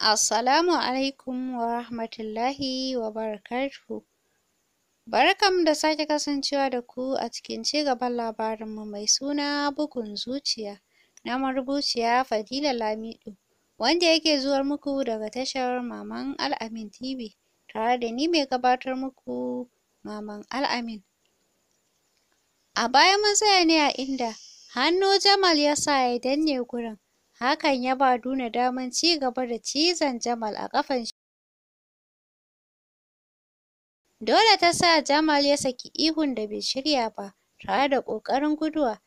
Assalamu alaikum wa rahmatullahi wa barakatuhu. Barkam da sake kasancewa da ku a cikin ci cigaban labarinmu mai suna bugun zuciya na marubuciya Fadila Lamido, wanda yake zuwa muku daga tashar Maman Al'amin TV, tare da ni mai gabatar muku Maman Al'amin. A baya mun tsaya ne a inda hannu Jamal ya sa ya danne gurin. Hakan ya ba Duna damar ci gaba da cizon Jamal a ƙafan shi. Dole ta sa Jamal ya saki ihun da bai shirya ba, tare da ƙoƙarin guduwa.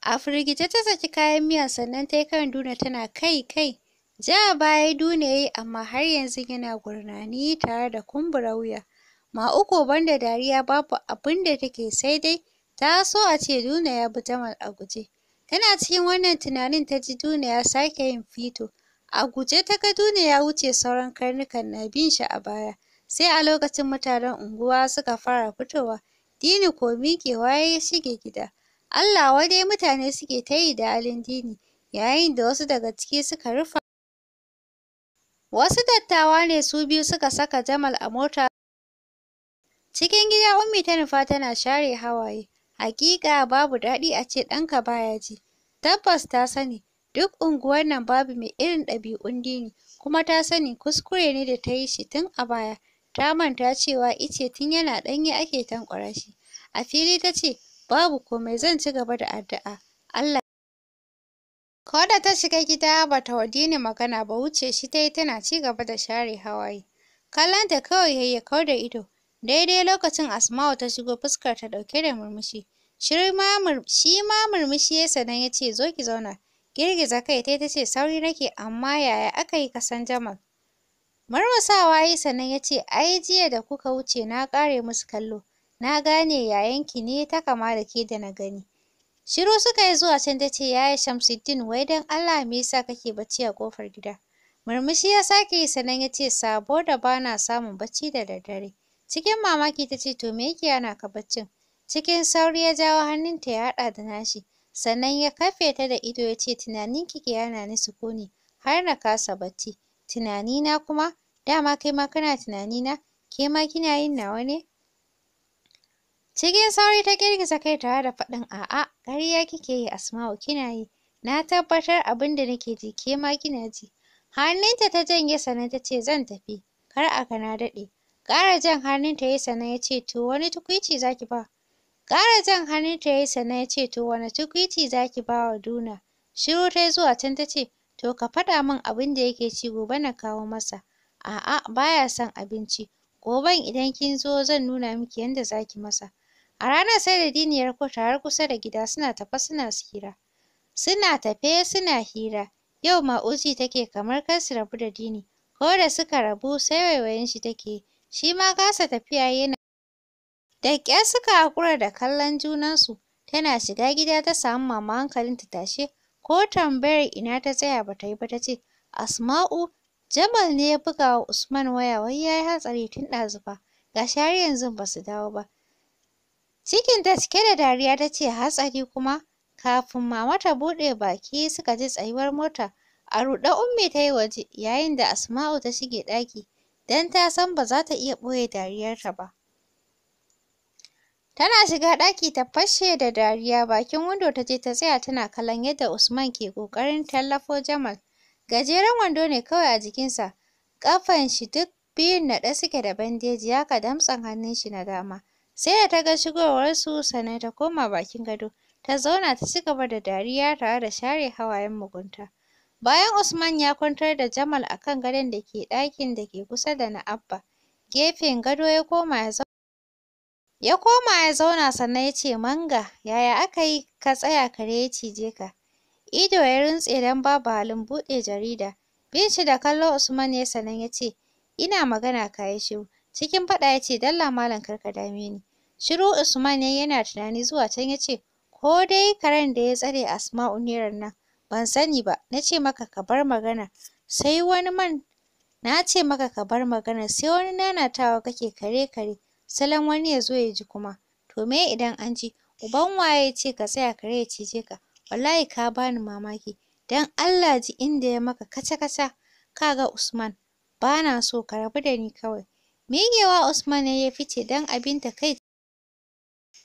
A firgice ta saki kayan miya sannan ta yi kan Duna tana kai-kai. Ja baya Duna ya amma har yanzu yana gurnani tare da kumbura wuya. Ma uku banda dariya babu abin da take sai dai Ta so a ce Duna ya bi Jamal a guje. Tana cikin wannan tunanin ta ji Duna ya sake yin fito. A guje ta ga Duna ya wuce sauran karnukan na bin shi a baya. Sai a lokacin mutanen unguwa suka fara fitowa. Dini ko miƙewa ya shige gida. Allah dai mutane suke ta yi da halin Dini, yayin da wasu daga ciki suka rufa. Wasu dattawa ne su biyu suka saka Jamal a mota. Cikin gida Ummi ta nufa tana share hawaye. hakika babu daɗi a ce ɗanka baya ji. Tabbas ta sani, duk unguwar nan babu mai irin ɗabi'un Dini, kuma ta sani kuskure ne da ta yi shi tun a baya. Ta manta cewa ice tun yana ɗanye ake tanƙwara shi. A fili ta ce, babu komai zan ci gaba da addu'a, Allah Ko da ta shiga gida ba ta wa magana ba wuce shi ta yi tana ci gaba da share hawaye. ta kawai ya yi da ido. Daidai lokacin Asma'u ta shigo fuskar ta ɗauke da murmushi. Shi ma murmushi ya sannan ya ce zo ki zauna. Girgiza kai tai ta ce sauri nake amma yaya aka yi ka san Jamal? Murmusawa ya yi sannan ya ce ai jiya da kuka wuce na kare musu kallo. Na gane yayanki ne ta kama da ke da na gani. Shiru suka yi zuwa can ta ce yaya Shamsuddin wai don Allah me yasa kake bacci a ƙofar gida? Murmushi ya sake yi sannan ya ce sabo da bana samun bacci da daddare. Cikin mamaki ta ce to me yake yana ka baccin? Cikin sauri ya jawo hannunta ya haɗa da nashi, sannan ya kafe ta da ido ya ce tunanin ke hana ni sukuni har na kasa bacci. Tunanina kuma dama kai ma kana tunanina, ke ma kina yin nawa ne? Cikin sauri ta girgiza kai tare da faɗin a'a ƙarya kike yi Asma'u kina yi. Na tabbatar abin da nake ji ke ma kina ji. Hannunta ta janye sannan ta ce zan tafi, kar a ga na daɗe. Ƙara jan hannunta yayi sannan ya ce to wani tukuici zaki ba Ƙara jan hannunta yayi sannan ya ce to wani tukuici za ki ba wa Duna. Shiru ta yi zuwa can ta ce to ka faɗa min abin da yake ci gobe na kawo masa. A'a baya son abinci. Goben idan kin zo zan nuna miki yadda zaki masa. A ranar sai da diniyar kota har kusa da gida suna tafe suna hira. Suna tafe suna hira. Yau ma Uzi take kamar kar su rabu da dini. Ko da suka rabu sai waiwayin shi take yi. shi ma kasa tafiya yana da ƙyar suka haƙura da kallon junansu tana shiga gida ta samu mama hankalin ta tashe ko tambayar ina ta tsaya ba ta yi ba tace Asma'u Jamal ne ya buga wa Usman waya wai yayi hatsari tun ɗazu gashi ga har yanzu ba su dawo ba cikinta cike da dariya tace hatsari kuma kafin mama ta buɗe baki suka ji tsayuwar mota a ruɗe Ummi tayi waje yayin da Asma'u ta shige ɗaki don ta san ba za ta iya ɓoye dariyarta ba. Tana shiga ɗaki ta fashe da dariya bakin wando ta je ta tsaya tana kallon yadda Usman ke ƙoƙarin tallafo Jamal. Gajeren wando ne kawai a jikinsa, ƙafan shi duk biyun naɗe suke da bandeji haka damtsen hannun shi na dama. Sai da ta ga shigowarsu sannan ta koma bakin gado, ta zauna ta ci gaba da dariya tare da share hawayen mugunta. Bayan Usman ya kwantar da Jamal a kan gadon da ke ɗakin da ke kusa da na Abba, gefen gado ya koma ya zauna. Ya koma ya zauna sannan ya ce Manga, yaya aka yi ka tsaya kare ya cije ka? Ido ya rintse don babu halin buɗe jarida. Bin shi da kallo Usman ya sannan ya ce, Ina magana ka yi shiru. Cikin faɗa ya ce, Dalla malam kar ka dame ni. Shiru Usman ya yana tunani zuwa can ya ce, Ko dai karen da ya tsare Asma'u Neran nan. ban sani ba na ce maka ka bar magana sai wani man na ce maka ka bar magana sai wani nanatawa kake kare kare salon wani ya zo ya ji kuma to me idan an ji uban waye ya ce ka tsaya kare ya cije ka wallahi ka bani mamaki dan Allah ji inda ya maka kaca kaca kaga Usman bana so ka rabu da ni kawai miƙewa Usman ne ya fice dan abin ta kai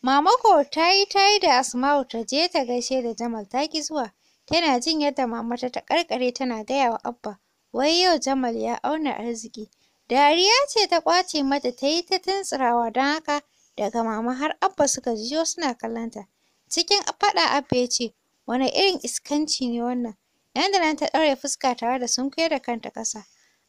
Mamako ta yi ta da Asma'u ta je ta gaishe da Jamal ta ki zuwa. Yana jin yadda mama ta taƙarƙare tana gaya wa Abba, wai yau Jamal ya auna arziki. Dariya ce ta ƙwace mata ta yi ta tuntsurawa don haka daga mama har Abba suka jiyo suna kallonta. Cikin faɗa Abba ya ce, wane irin iskanci ne wannan? Nan da nan ta ɗaure fuska tare da sunkuyar da kanta ƙasa.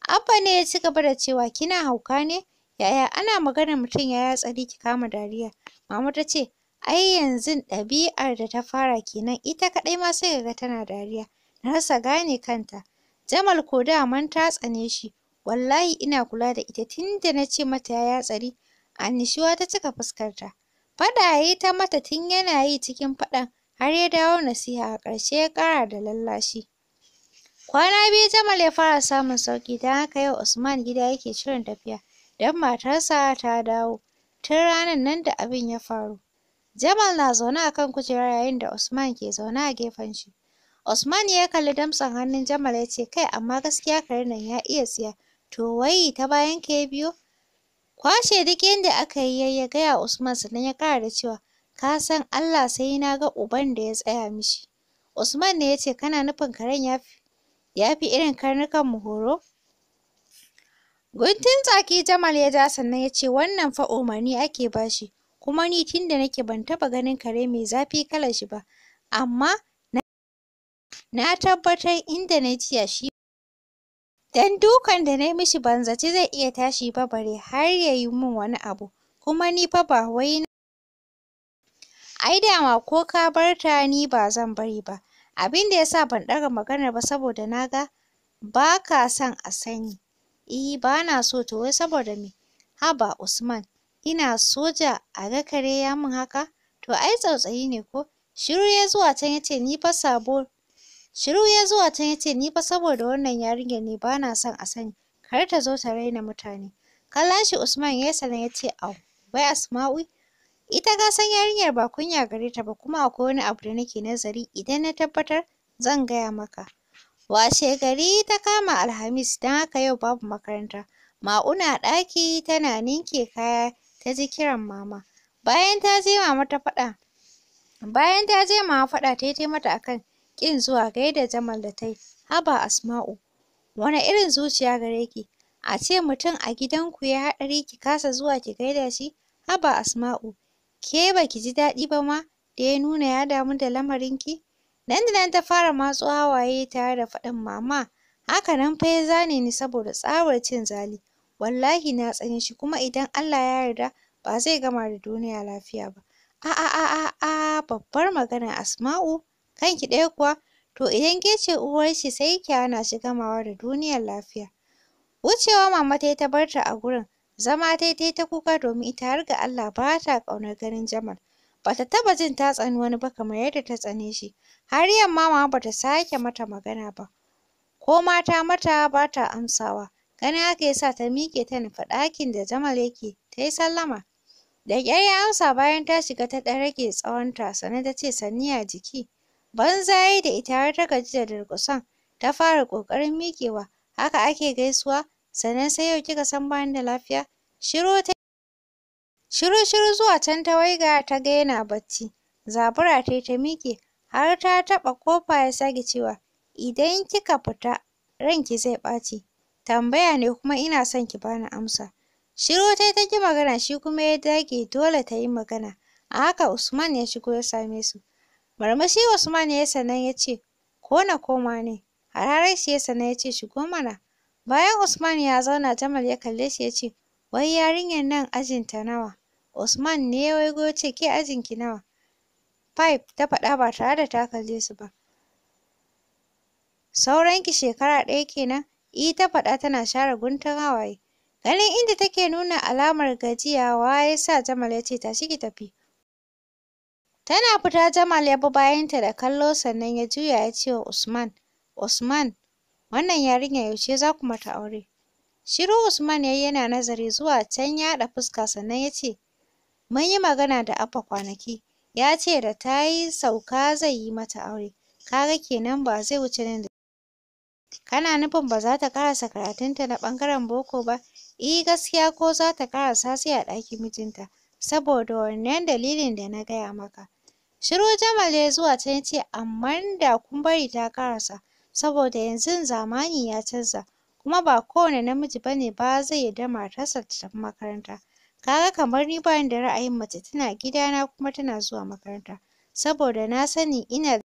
Abba ne ya ci gaba da cewa kina hauka ne? Yaya ana maganar mutum ya yi hatsari ki kama dariya? Mama ta ce, ai yanzun ɗabi'ar da ta fara kenan ita kaɗai ma sai kaga tana dariya na rasa gane kanta Jamal ko daman ta tsane shi wallahi ina kula da ita tunda nace mata ya tsari annishuwa ta cika fuskarta faɗa yayi ta mata tun yana yi cikin faɗan har ya dawo nasiha a ƙarshe ya ƙara da lallashi kwana biyu Jamal ya fara samun sauƙi don haka yau Usman gida yake shirin tafiya don matarsa ta dawo tun ranar nan da abin ya faru Jamal na zaune a kan kujera yayin da Usman ke zaune a gefen shi. Usman ya kalli damtsan hannun Jamal ya ce, Kai, amma gaskiya karen nan ya iya tsiya. To wai ta bayan ka ya biyo? Kwashe duk yadda aka yi ya gaya Usman sannan ya kara da cewa, Ka san Allah sai na ga uban da ya tsaya mishi. Usman ne ya ce, Kana nufin karen ya fi, ya fi irin karnukan mu horo? Guntun tsaki Jamal ya ja sannan ya ce, Wannan fa umarni ake bashi. kuma ni tun da nake ban taɓa ganin kare mai zafi kalar shi ba amma na tabbatar inda na jiya shi dan dukan da na yi mishi ban zaci zai iya tashi ba bare har ya yi min wani abu kuma ni fa ba wai na ai dama ko ka bar ta ni ba zan bari ba abin da ya sa ban ɗaga magana ba saboda na ga ba ka son a sani eh ba na so to wai saboda me haba Usman ina soja a ga kare ya min haka to ai tsautsayi ne ko shiru ya zuwa can ya ce ni fa sabo shiru ya zuwa can ya ni fa saboda wannan yarinyar ne ba na son a sani kar ta zo ta raina mutane kallon shi Usman ya sanar ya ce au wai Asma'u ita ka san yarinyar ba kunya gare ta ba kuma akwai wani abu da nake nazari idan na tabbatar zan gaya maka washe gari ta kama Alhamis don haka yau babu makaranta Ma'una ɗaki tana ninke kaya ta ji kiran mama bayan ta je mama ta faɗa bayan ta je mama faɗa ta yi mata akan ƙin zuwa gaida Jamal da ta yi haba Asma'u wani irin zuciya gare ki a ce mutum a gidanku ya haɗari ki kasa zuwa ki gaida shi haba Asma'u ke baki ji daɗi ba ma da ya nuna ya damu da lamarin ki. nan da nan ta fara matso hawaye tare da faɗin mama haka nan fa ya zane ni saboda tsabar cin zali wallahi na tsane shi kuma idan Allah ya yarda ba zai gama da duniya lafiya ba a'a a'a a babbar magana Asma'u kanki ɗaya kuwa to idan ke ce uwar shi sai ki hana shi gamawa da duniyar lafiya wucewa mama tayi ta barta a gurin zama tayi tayi ta kuka domin ita har ga Allah ba ta kaunar ganin Jamal bata taba jin ta tsani wani ba kamar yadda ta tsane shi har yamma mama bata sake mata magana ba ko mata, ta mata ta amsawa Ganin haka yasa sa ta miƙe ta nufi ɗakin da Jamal yake ta yi sallama. Da ƙyar ya amsa bayan ta shiga ta ɗan rage tsawonta sannan ta ce sannu a jiki. Banza ya yi da ita har ta gaji da durƙusan ta fara ƙoƙarin miƙewa. Haka ake gaisuwa sannan sai yau kika san bani da lafiya. Shiru ta shiru shiru zuwa can ta waiga ta ga yana bacci. Zabura ta yi ta miƙe har ta taɓa ƙofa ya sake cewa idan kika fita ranki zai ɓaci. tambaya ne kuma ina son ki bani amsa. Shiru tai ta ki magana shi kuma ya dage dole ta yi magana. A haka Usman ya shigo ya same su. Marmashi Usman ya sannan ya ce, ko na koma ne? Hararar shi ya sanan ya ce, shigo mana. Bayan Usman ya zauna Jamal ya kalle shi ya ce, wai yarinyar nan ajinta nawa? Usman ne ya waigo ya ce, ke ajinki nawa? Five ta faɗa ba tare da ta kalle su ba. Sauranki shekara ɗaya kenan. E, ta faɗa tana share guntun hawaye. Ganin inda take nuna alamar gajiyawa ya sa Jamal ya ce tashi ki tafi. Tana fita Jamal ya bi bayanta da kallo sannan ya juya ya ce Usman, Usman, wannan yarinya yaushe za ku mata aure? Shiru Usman ya yi yana nazari zuwa can ya haɗa fuska sannan ya ce, Mun yi magana da Abba kwanaki, ya ce da ta yi sauka zai yi mata aure, ka kenan ba zai wuce nan da Kana nufin ba za ta karasa karatunta na ɓangaren boko ba? Eh gaskiya ko za ta karasa sai a ɗakin mijinta, saboda wannan dalilin da na gaya maka. Shiru Jamal ya zuwa ta ya ce, amma da kun bari ta karasa, saboda yanzu zamani ya canza, kuma ba kowane namiji ba ne ba zai yarda matarsa ta tafi makaranta. kaga kamar ni ba ni da ra'ayin mace tana gidana kuma tana zuwa makaranta, saboda na sani ina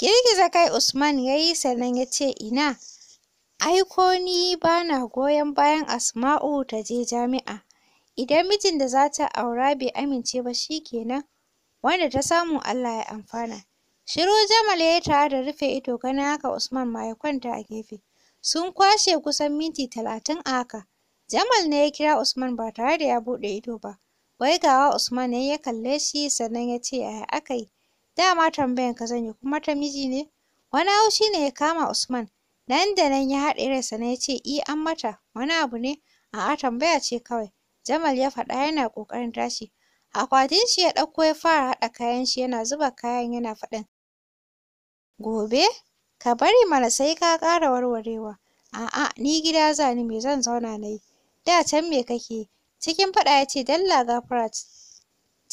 Girgiza kai Usman ya yi sannan ya ce ina, Aiko ni ba na goyon bayan Asma'u ta je jami'a. Idan mijin da za ta aura bai amince ba shi kenan, wanda ta samu Allah ya amfana. Shiru Jamal ya yi tare da rufe ido ganin haka Usman ma ya kwanta a gefe. Sun kwashe kusan minti talatin a haka. Jamal ne ya kira Usman ba tare da ya buɗe ido ba. Wai gawa Usman ne ya kalle shi sannan ya ce yaya aka yi? dama tambayan ka zan yi kuma ta miji ne wani haushi ne ya kama Usman nan da nan ya haɗe ransa na ya ce i an mata wani abu ne a'a tambaya ce kawai Jamal ya faɗa yana ƙoƙarin tashi akwatin shi ya ɗauko ya fara haɗa kayan shi yana zuba kayan yana faɗin gobe ka bari mana sai ka ƙara warwarewa a'a ni gida za ni me zan zauna na yi da can me kake cikin faɗa ya ce dalla gafara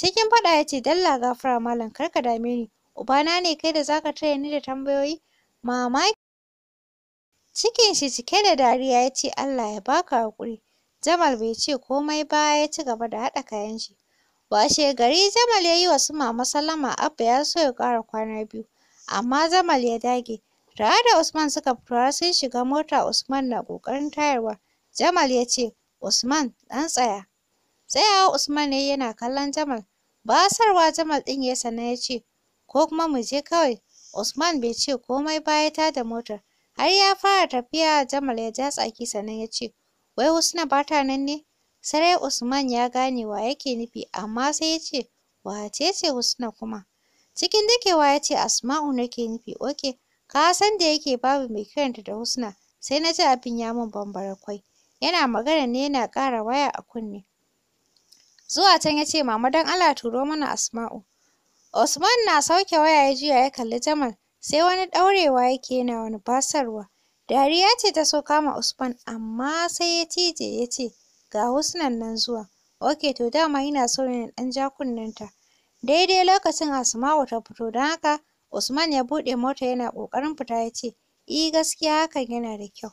Cikin faɗa ya ce, Dalla gafara malam, kar ka dame ni. Ubana ne kai da zaka taya ni da tambayoyi? Mamaki. Cikin shi cike da dariya ya ce, Allah ya baka haƙuri. Jamal bai ce komai ba ya ci gaba da haɗa kayan shi. Washe gari Jamal ya yi wa su mama sallama Abba ya so ya ƙara kwana biyu. Amma Jamal ya dage. "Rada Usman suka fito har sun shiga mota Usman na ƙoƙarin tayarwa. Jamal ya ce, Usman ɗan tsaya. Tsayawa Usman ne yana kallon Jamal. Basarwa Jamal ɗin ya sannan ya ce, ko kuma mu je kawai. Usman bai ce komai ba ya tada motar. Har ya fara tafiya Jamal ya ja tsaki sannan ya ce, wai Husna ba ta nan ne? Sarai Usman ya gane wa yake nufi amma sai ya ce, wace ce Husna kuma? Cikin dakewa ya ce Asma'u nake nufi, oke, ka san da yake babu mai kiranta da Husna, sai na ji abin ya min bambara kwai. Yana magana ne yana ƙara waya a kunne. Zuwa can ya ce mama don Allah turo mana Asma'u. Usman na sauke waya ya juya ya kalli Jamal sai wani ɗaurewa yake yana wani basarwa. Dariya ce ta so kama Usman amma sai ya cije ya ce ga Husnan nan zuwa. oke to dama ina so ne ɗan ja kunnenta. Daidai lokacin Asma'u ta fito don haka Usman ya buɗe mota yana kokarin fita ya ce i gaskiya hakan yana da kyau.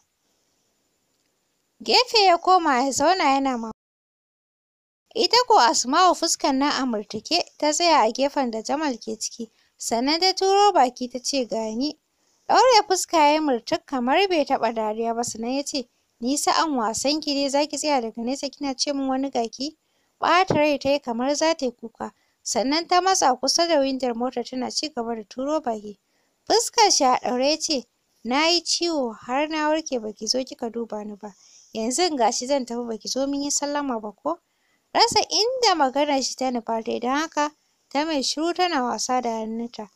Gefe ya koma ya zauna yana mamaki. Ita ko Asma'u fuskar nan a murtuke ta tsaya a gefen da Jamal ke ciki, sannan ta turo baki ta ce ga ni. Ɗaure fuska ya yi murtuk kamar bai taɓa dariya ba sannan ya ce ni sa'an wasan ki ne za ki tsaya daga nesa kina ce min wani gaki. Ɓata rai ta yi kamar za ta yi kuka, sannan ta matsa kusa da windar mota tana ci gaba da turo baki. Fuskar shi a ɗaure ya ce na yi ciwo har na warke baki zo kika duba ni ba, yanzun ga shi zan tafi baki zo mun yi sallama ba ko. rasa inda maganar shi ta nufa tai don haka ta mai shiru tana wasa da hannunta.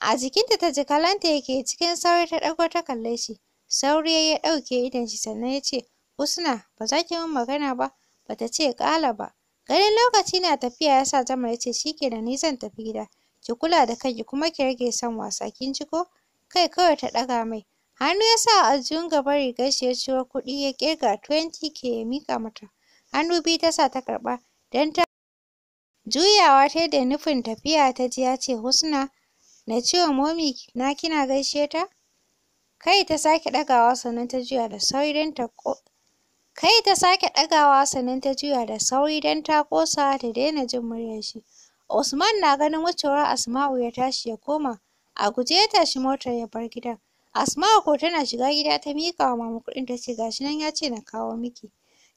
A jikinta ta ji ya yake cikin sauri ta ɗago ta kalle shi. Sauri ya ya ɗauke idon shi sannan ya ce, usna ba za ki min magana ba? Ba ta ce ƙala ba. Ganin lokaci na tafiya ya sa zama ya ce shi ke da nisan tafi gida. Ki kula da kanki kuma ki rage son wasa kin ji ko? Kai kawai ta ɗaga mai. Hannu ya sa a aljihun gaban rigar shi ya ciro kuɗi ya ƙirga 20k ya miƙa mata. hannu biyu ta sa ta karɓa don ta juyawa ta da nufin tafiya ta ji ya ce Husna na ce momi na kina gaishe ta kai ta sake ɗagawa sannan ta juya da sauri don ta kai ta sake ɗagawa sannan ta juya da sauri don ta ƙosa ta daina jin muryar shi Usman na ganin wucewar Asma'u ya tashi ya koma a guje ya tashi motar ya bar gidan Asma'u ko tana shiga gida ta miƙa wa mama kuɗin ta ce gashi nan ya ce na kawo miki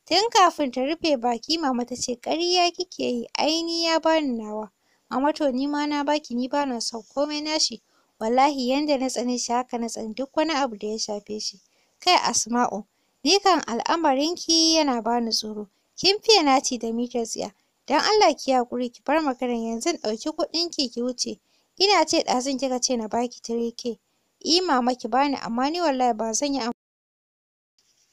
Tun kafin ta rufe baki mama ta ce ƙarya kike yi ai ni ya bani nawa. Mama to ni ma na baki ni bana son komai nashi. Wallahi yanda na tsane shi haka na tsani duk wani abu da ya shafe shi. Kai Asma'u ni kan al'amarinki yana bani tsoro. Kin fiye naci da mitar tsiya. Don Allah ki haƙuri ki bar maganar yanzu ɗauki kuɗinki ki wuce. Ina ce ɗazun kika ce na baki tare ke. I mama ki bani amma ni wallahi ba zan yi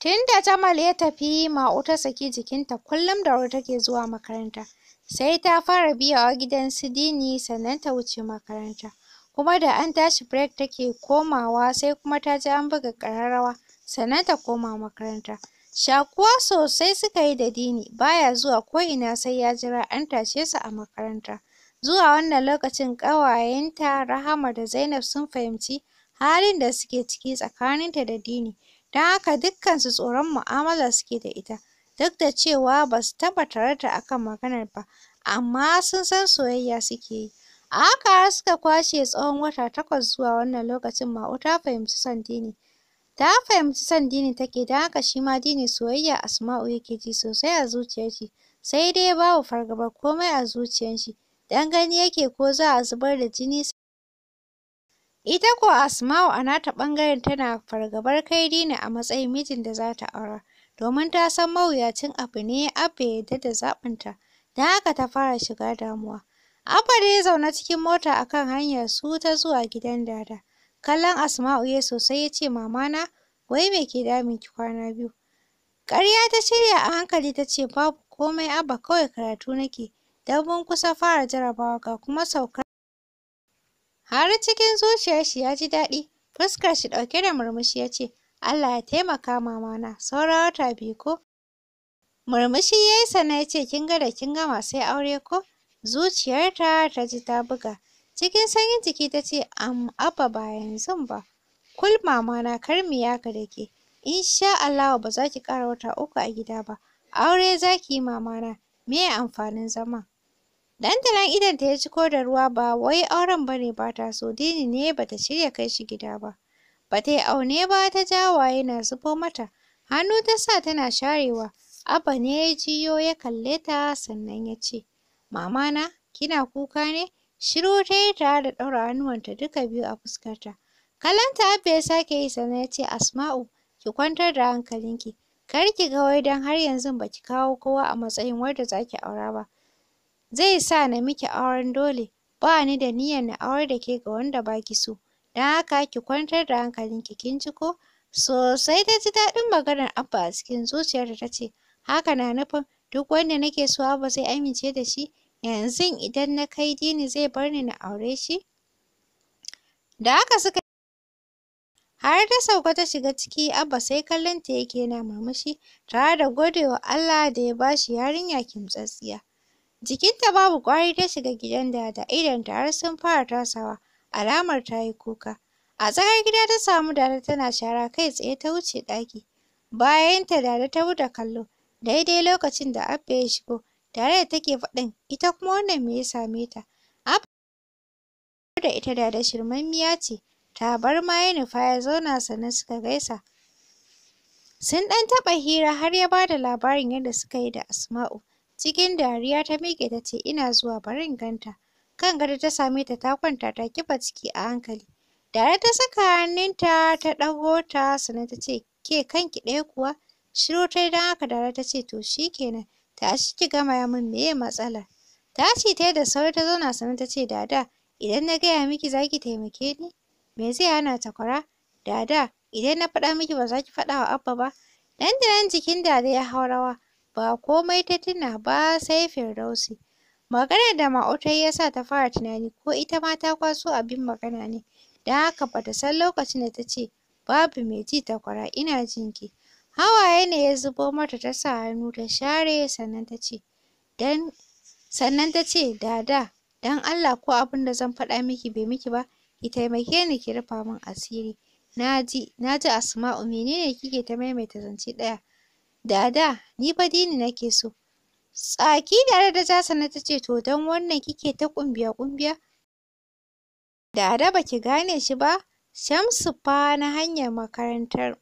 Tunda Jamal ya tafi Ma'u ta saki jikinta kullum da wuri take zuwa makaranta. Sai ta fara biyawa gidan su Dini sannan ta wuce makaranta. Kuma da an tashi break take komawa sai kuma ta ji an buga ƙararrawa sannan ta koma makaranta. Shakuwa sosai suka yi da Dini baya zuwa ko ina sai ya jira an tashe su a makaranta. Zuwa wannan lokacin ƙawayenta Rahama da Zainab sun fahimci halin da suke ciki tsakaninta da Dini. Don haka dukkansu tsoron mu'amalar suke da ita, duk da cewa basu su taɓa tararta da maganar ba, amma sun san soyayya suke yi. A haka har suka kwashe tsawon wata takwas zuwa wannan lokacin Ma'u ta fahimci son Dini. Ta fahimci son Dini take, don haka shi ma Dini soyayya Asma'u yake ji sosai a zuciyar shi, sai dai babu fargabar komai a zuciyar shi, don gani yake ko za a zubar da jini. Ita ko Asma'u a nata ɓangaren tana fargabar Dina a matsayin mijin da za ta aura, domin ta san mawuyacin abu ne Abba ya yarda da zaɓinta, don haka ta fara shiga damuwa. Abba dai zauna cikin mota a kan hanyar su ta zuwa gidan Dada. Kallon Asma'u ya sosai ya ce, Mama wai me ke damin ki kwana biyu? Ƙarya ta shirya a hankali ta ce, Babu komai Abba kawai karatu nake, don mun kusa fara jarabawa ga kuma saukar Har cikin zuciyar shi ya ji daɗi, fuskar shi ɗauke da murmushi ya ce, Allah ya taimaka mamana, saura wata biyu ko? Murmushi ya yi sannan ya ce, kin ga da kin gama sai aure ko? Zuciyarta ta ji ta buga. Cikin sanyin jiki ta ce, am abba ba yanzu ba. Kul mamana kar mu ya da ke. Insha Allahu ba za ki kara wata uku a gida ba. Aure za ki yi mamana, me amfanin zama? Dandalan idonta ya ciko da ruwa ba wai auren bane ba ta so, Dini ne ba ta shirya kai shi gida ba. Ba ta yi aune ba ta ja hawaye na zubo mata, hannu ta sa tana sharewa. Abba ne ya jiyo ya kalle ta sannan ya ce, Mama na, kina kuka ne? Shiru ta yi tare da ɗaura hannuwanta duka biyu a fuskarta. Kallonta Abba ya sake yi sannan ya ce, Asma'u, ki kwantar da hankalinki. Kar ki ga wai don har yanzu ba ki kawo kowa a matsayin wadda za ki aura ba. zai sa na miki auren dole ba ni da niyyar na aurar da ke ga wanda ba ki so don haka ki kwantar da hankalinki kin ji ko sosai ta ji daɗin maganar Abba a cikin zuciyarta ta ce haka na nufin duk wanda nake so Abba zai amince da shi yanzu idan na kai dini zai bar ni na aure shi da haka suka har ta sauka ta shiga ciki Abba sai kallon yake yana murmushi tare da godewa Allah da ya ba shi yarinya kimtsatsiya Jikinta babu ƙwari ta shiga gidan Dada, idonta har sun fara tasawa, alamar ta yi kuka. A tsakar gida ta samu Dada tana shara kai tsaye ta wuce ɗaki. Bayanta Dada ta bi kallo, daidai lokacin da Abba ya shigo, tare da take faɗin ita kuma wannan me ya same ta? Abba da ita Dada shirmammiya ce, Ta ma ya nufa ya zauna sannan suka gaisa. Sun ɗan taɓa hira har ya ba da labarin yadda suka yi da Asma'u. Cikin dariya ta miƙe ta ce ina zuwa bari in ganta. Kan gado ta same ta ta kwanta ta kifa ciki a hankali. Dare ta saka hannunta ta ɗago ta sannan ta ce ke kanki ɗaya kuwa? Shiru ta don haka Dara ta ce to shi kenan tashi ki gamaya min me matsalar. Tashi ta yi da sauri ta zauna sannan ta ce Dada idan na gaya miki za ki taimake ni? Me zai hana ta kwara? Dada idan na faɗa miki ba za ki faɗa wa Abba ba? Nan da nan jikin Dada ya hau rawa ba komai ta tuna ba sai Firdausi. Maganar da ma'autar ya sa ta fara tunani ko ita ma ta kwaso abin magana ne, Da haka ba ta san lokacin da ta ce babu mai ji takwara ina jin ki. Hawaye ne ya zubo mata ta sa hannu ta share sannan ta ce dan sannan dada don Allah ko abin da zan faɗa miki bai miki ba ki taimake ni ki rufa min asiri. Na ji Asma'u menene kike ta maimaita zance ɗaya. Dada, ni fa Dini nake so. Tsaki tare da Jasana ta ce, to don wannan kike ta ƙumbiya Da Dada ba ki gane shi ba, Shamsu fa na hanyar makarantar.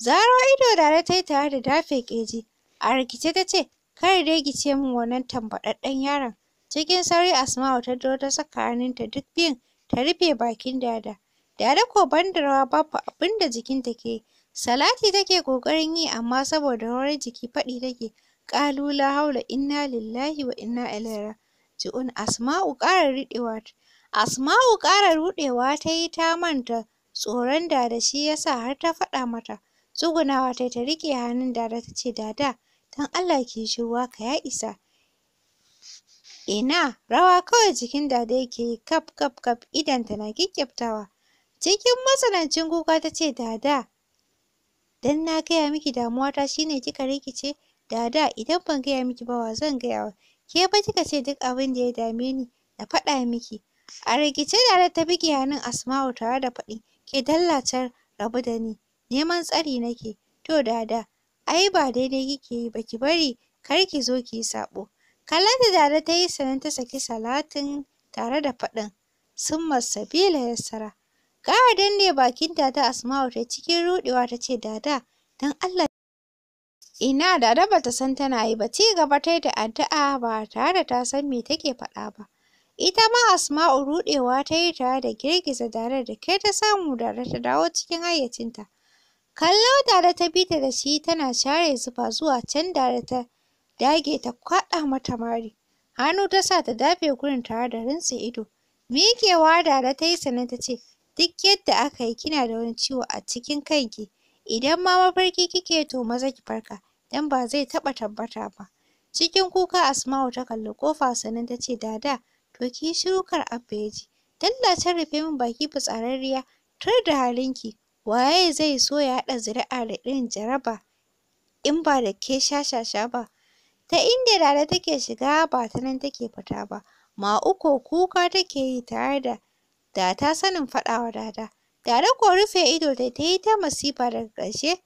Zaro ido da ta yi tare da dafe ƙeji, a rikice ta ce, kar dai ki ce min wannan tambaɗaɗɗen yaron. Cikin sauri Asma'u ta zo ta saka hannunta duk biyun ta rufe bakin Dada. Dada ko ban da rawa babu abin jikinta ke Salati take ƙoƙarin yi amma saboda rawar jiki faɗi take ƙalu la haula inna lillahi wa inna ilaihi raji'un. Asma'u ƙara ruɗewa Asma'u ƙara ruɗewa ta yi ta manta tsoron da shi ya sa har ta faɗa mata. Tsugunawa ta yi ta riƙe hannun da ta ce Dada don Allah ki yi shiru ya isa. Ina rawa kawai jikin Dada yake yi kaf kaf kaf idonta na ƙyaƙƙyaftawa. Cikin matsanancin kuka ta ce Dada Dan na gaya miki damuwata shine kika rikice. Da da idan ban gaya miki ba wa zan gaya wa? Ke fa kika ce duk abin da ya dame ni na faɗa miki. A rikice Dada ta buge hannun Asma'u tare da faɗi, ke dallacar rabu da ni, neman tsari nake. To da da, ai ba daidai kike yi ba ki bari kar ki zo ki saɓo. Kallon da Dada ta yi sannan ta saki salatin tare da faɗin, summa sabila yassara. Ƙara danne bakin Dada Asma'u ta cikin ruɗewa ta Dada, don Allah Ina Dada ba san tana yi ba, ci gaba ta da addu'a ba tare da ta san me take faɗa ba. Ita ma Asma'u ruɗewa ta yi tare da girgiza Dada da kai ta samu Dada ta dawo cikin hayyacinta. Kallo Dada ta bi ta da shi tana share zufa zuwa can Dada ta dage ta kwaɗa mata mari. Hannu ta sa ta dafe gurin tare da rintse ido. Miƙewa Dada ta yi sannan duk yadda aka yi kina da wani ciwo a cikin kanki idan ma mafarki kike to maza ki farka dan ba zai taɓa tabbata ba cikin kuka Asma'u ta kalli ƙofa sannan ta ce dada to ki yi shiru kar Abba ya ji dallacin rufe min baki fitsararriya tur da halinki waye zai so ya haɗa zuri'a da irin jaraba in ba da ke shashasha ba ta inda dada take shiga ba ta nan take fita ba ma uku kuka take yi tare da da ta sanin faɗawa Dada. Da ko rufe ido da ta yi ta masifa daga ƙarshe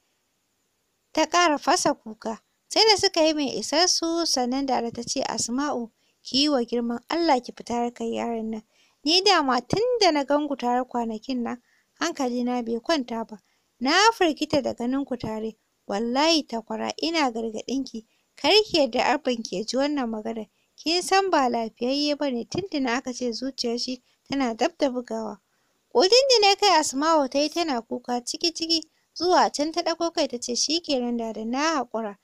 ta ƙara fasa kuka. Sai da suka yi mai isar su sannan da ta ce Asma'u ki yi wa girman Allah ki fita kai yaran nan. Ni dama tun da na gangu tare kwanakin nan na bai kwanta ba. Na firgita da ganin ku tare. Wallahi takwara ina gargaɗin ki kar ki yarda ji wannan magana Kin san ba lafiyayye ba ne na aka ce zuciyar shi tana dab da bugawa. Ƙudin da na kai Asma'u ta yi tana kuka ciki-ciki zuwa can ta ɗauko kai ta ce shi kenan da na haƙura.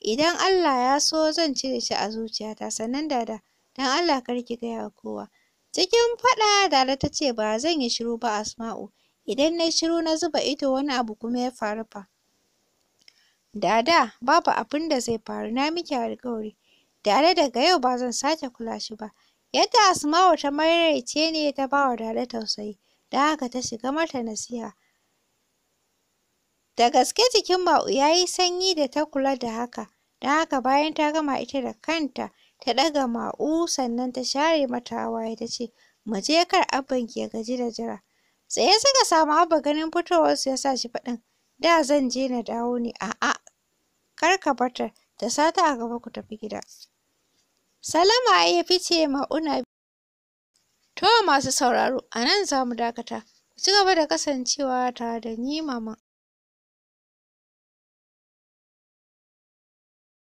Idan Allah ya so zan cire shi a zuciyata sannan dada da don Allah kar ki gaya kowa. Cikin faɗa Dada ta ce ba zan yi shiru ba Asma'u, idan na shiru na zuba ido wani abu kuma ya faru fa. Dada babu abin da zai faru na miki alƙawari. Dada daga yau ba zan sake kula shi ba. Yadda Asma'u ta maraice ne ta bawa Dada tausayi, da haka ta shiga mata nasiha. Da gaske jikin Ma'u ya yi sanyi da ta kula da haka, da haka bayan ta gama ita da kanta ta ɗaga Ma'u sannan ta share mata hawaye ta ce, mu je kar ki ya gaji da jira. Tsaye suka samu Abba ganin fitowar su yasa shi faɗin, da zan je na dawo ne, a'a kar ka bata, ta, da sata a gaba ku tafi gida. Salama ya fice ma Una. To masu sauraro, a nan za mu dakata. Ku ci gaba da kasancewa tare da ni Mama.